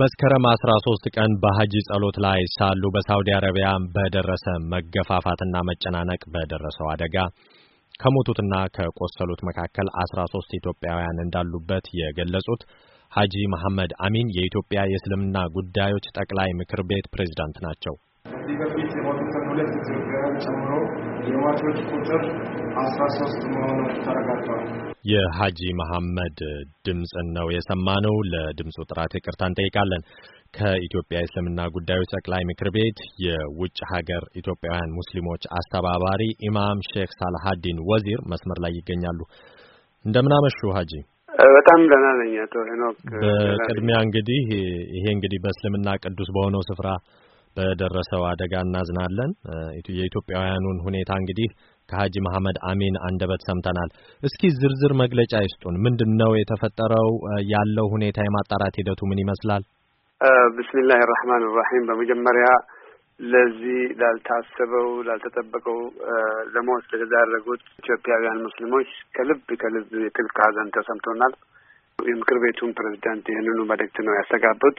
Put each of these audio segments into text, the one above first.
መስከረም 13 ቀን በሐጂ ጸሎት ላይ ሳሉ በሳውዲ አረቢያ በደረሰ መገፋፋትና መጨናነቅ በደረሰው አደጋ ከሞቱትና ከቆሰሉት መካከል 13 ኢትዮጵያውያን እንዳሉበት የገለጹት ሐጂ መሐመድ አሚን የኢትዮጵያ የእስልምና ጉዳዮች ጠቅላይ ምክር ቤት ፕሬዝዳንት ናቸው። ከዚህ በፊት የሞቱትን ሁለት ኢትዮጵያውያን ጨምሮ የሟቾች ቁጥር አስራ ሶስት መሆኑ ተረጋግጧል። የሀጂ መሐመድ ድምፅን ነው የሰማነው። ለድምፁ ጥራት ይቅርታ እንጠይቃለን። ከኢትዮጵያ የእስልምና ጉዳዮች ጠቅላይ ምክር ቤት የውጭ ሀገር ኢትዮጵያውያን ሙስሊሞች አስተባባሪ ኢማም ሼክ ሳልሃዲን ወዚር መስመር ላይ ይገኛሉ። እንደምናመሹ ሀጂ። በጣም ደህና ነኝ አቶ ሄኖክ። በቅድሚያ እንግዲህ ይሄ እንግዲህ በእስልምና ቅዱስ በሆነው ስፍራ በደረሰው አደጋ እናዝናለን። የኢትዮጵያውያኑን ሁኔታ እንግዲህ ከሀጂ መሐመድ አሚን አንደበት ሰምተናል። እስኪ ዝርዝር መግለጫ ይስጡን። ምንድን ነው የተፈጠረው? ያለው ሁኔታ የማጣራት ሂደቱ ምን ይመስላል? ብስሚላህ ራህማን ራሂም። በመጀመሪያ ለዚህ ላልታሰበው፣ ላልተጠበቀው ለሞት ለተዳረጉት ኢትዮጵያውያን ሙስሊሞች ከልብ ከልብ የጥልቅ ሀዘን ተሰምቶናል። የምክር ቤቱን ፕሬዚዳንት ይህንኑ መልእክት ነው ያስተጋቡት።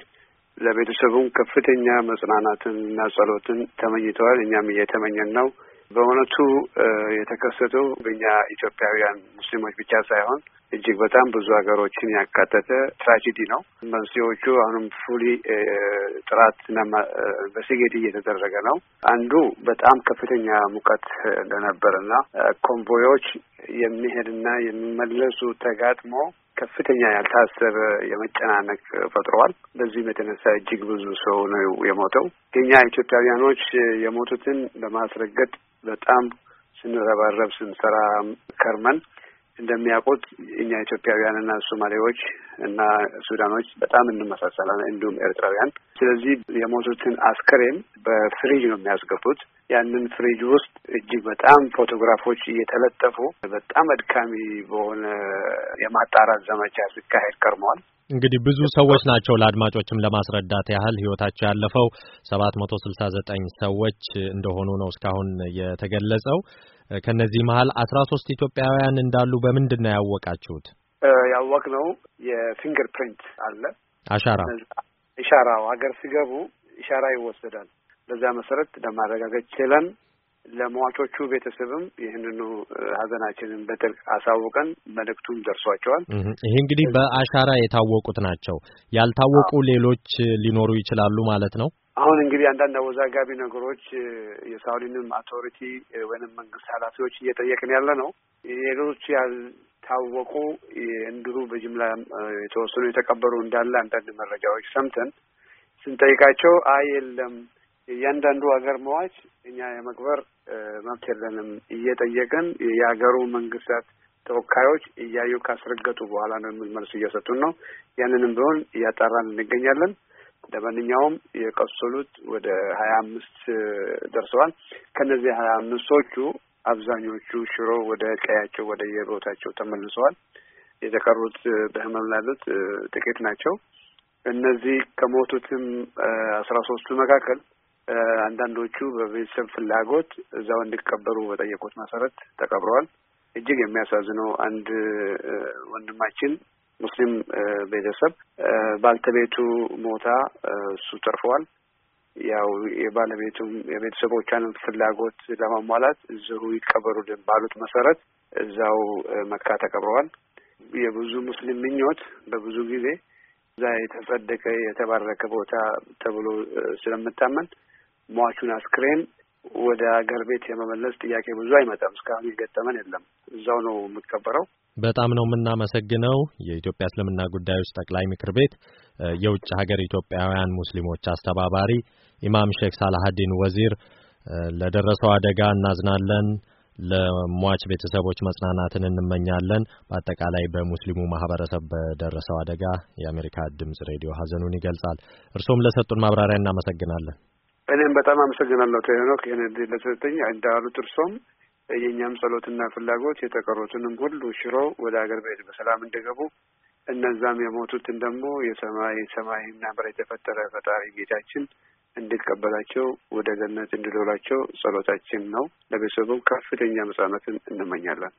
ለቤተሰቡም ከፍተኛ መጽናናትን እና ጸሎትን ተመኝተዋል። እኛም እየተመኘን ነው። በእውነቱ የተከሰተው በእኛ ኢትዮጵያውያን ሙስሊሞች ብቻ ሳይሆን እጅግ በጣም ብዙ ሀገሮችን ያካተተ ትራጂዲ ነው። መንስኤዎቹ አሁንም ፉሊ ጥራትና በስጌድ እየተደረገ ነው። አንዱ በጣም ከፍተኛ ሙቀት እንደነበርና ኮንቮዮች የሚሄድና የሚመለሱ ተጋጥሞ ከፍተኛ ያልታሰበ የመጨናነቅ ፈጥሯል። በዚህም የተነሳ እጅግ ብዙ ሰው ነው የሞተው። የኛ ኢትዮጵያውያኖች የሞቱትን ለማስረገጥ በጣም ስንረባረብ ስንሰራ ከርመን እንደሚያውቁት እኛ ኢትዮጵያውያንና ሶማሌዎች እና ሱዳኖች በጣም እንመሳሰላለን፣ እንዲሁም ኤርትራውያን። ስለዚህ የሞቱትን አስክሬን በፍሪጅ ነው የሚያስገቡት። ያንን ፍሪጅ ውስጥ እጅግ በጣም ፎቶግራፎች እየተለጠፉ በጣም አድካሚ በሆነ የማጣራት ዘመቻ ሲካሄድ ከርመዋል። እንግዲህ ብዙ ሰዎች ናቸው። ለአድማጮችም ለማስረዳት ያህል ህይወታቸው ያለፈው ሰባት መቶ ስልሳ ዘጠኝ ሰዎች እንደሆኑ ነው እስካሁን የተገለጸው። ከነዚህ መሀል አስራ ሶስት ኢትዮጵያውያን እንዳሉ በምንድን ነው ያወቃችሁት? ያወቅነው የፊንገር ፕሪንት አለ አሻራ ኢሻራው ሀገር ሲገቡ ኢሻራ ይወሰዳል። በዛ መሰረት ለማረጋገጥ ችለን ለሟቾቹ ቤተሰብም ይህንኑ ሀዘናችንን በጥልቅ አሳውቀን መልእክቱም ደርሷቸዋል። ይሄ እንግዲህ በአሻራ የታወቁት ናቸው። ያልታወቁ ሌሎች ሊኖሩ ይችላሉ ማለት ነው። አሁን እንግዲህ አንዳንድ አወዛጋቢ ነገሮች የሳውዲንም አውቶሪቲ ወይንም መንግስት ኃላፊዎች እየጠየቅን ያለ ነው። ሌሎች ያልታወቁ እንድሩ በጅምላ የተወሰኑ የተቀበሩ እንዳለ አንዳንድ መረጃዎች ሰምተን ስንጠይቃቸው አይ የለም እያንዳንዱ ሀገር መዋች እኛ የመቅበር መብት የለንም እየጠየቅን የሀገሩ መንግስታት ተወካዮች እያዩ ካስረገጡ በኋላ ነው የሚል መልስ እየሰጡን ነው። ያንንም ቢሆን እያጣራን እንገኛለን። ለማንኛውም የቆሰሉት ወደ ሀያ አምስት ደርሰዋል። ከነዚህ ሀያ አምስቶቹ አብዛኞቹ ሽሮ ወደ ቀያቸው ወደ የቦታቸው ተመልሰዋል። የተቀሩት በህመም ላሉት ጥቂት ናቸው። እነዚህ ከሞቱትም አስራ ሶስቱ መካከል አንዳንዶቹ በቤተሰብ ፍላጎት እዛው እንዲቀበሩ በጠየቁት መሰረት ተቀብረዋል። እጅግ የሚያሳዝነው አንድ ወንድማችን ሙስሊም ቤተሰብ ባልተቤቱ ሞታ እሱ ተርፈዋል። ያው የባለቤቱም የቤተሰቦቿንም ፍላጎት ለማሟላት እዚሁ ይቀበሩልን ባሉት መሰረት እዛው መካ ተቀብረዋል። የብዙ ሙስሊም ምኞት በብዙ ጊዜ እዛ የተጸደቀ የተባረከ ቦታ ተብሎ ስለምታመን ሟቹን አስክሬን ወደ አገር ቤት የመመለስ ጥያቄ ብዙ አይመጣም። እስካሁን የገጠመን የለም። እዛው ነው የምትከበረው። በጣም ነው የምናመሰግነው። የኢትዮጵያ እስልምና ጉዳዮች ጠቅላይ ምክር ቤት የውጭ ሀገር ኢትዮጵያውያን ሙስሊሞች አስተባባሪ ኢማም ሼክ ሳላሀዲን ወዚር ለደረሰው አደጋ እናዝናለን፣ ለሟች ቤተሰቦች መጽናናትን እንመኛለን። በአጠቃላይ በሙስሊሙ ማህበረሰብ በደረሰው አደጋ የአሜሪካ ድምጽ ሬዲዮ ሀዘኑን ይገልጻል። እርሶም ለሰጡን ማብራሪያ እናመሰግናለን። እኔም በጣም አመሰግናለሁ ቴኖክ ይህን እድል እንዳሉት እርሶም የእኛም ጸሎትና ፍላጎት የተቀሩትንም ሁሉ ሽሮ ወደ ሀገር ቤት በሰላም እንደገቡ እነዛም የሞቱትን ደግሞ የሰማይ ሰማይና ምድርን የተፈጠረ ፈጣሪ ጌታችን እንድቀበላቸው ወደ ገነት እንድዶላቸው ጸሎታችን ነው። ለቤተሰቡም ከፍተኛ መጽናናትን እንመኛለን።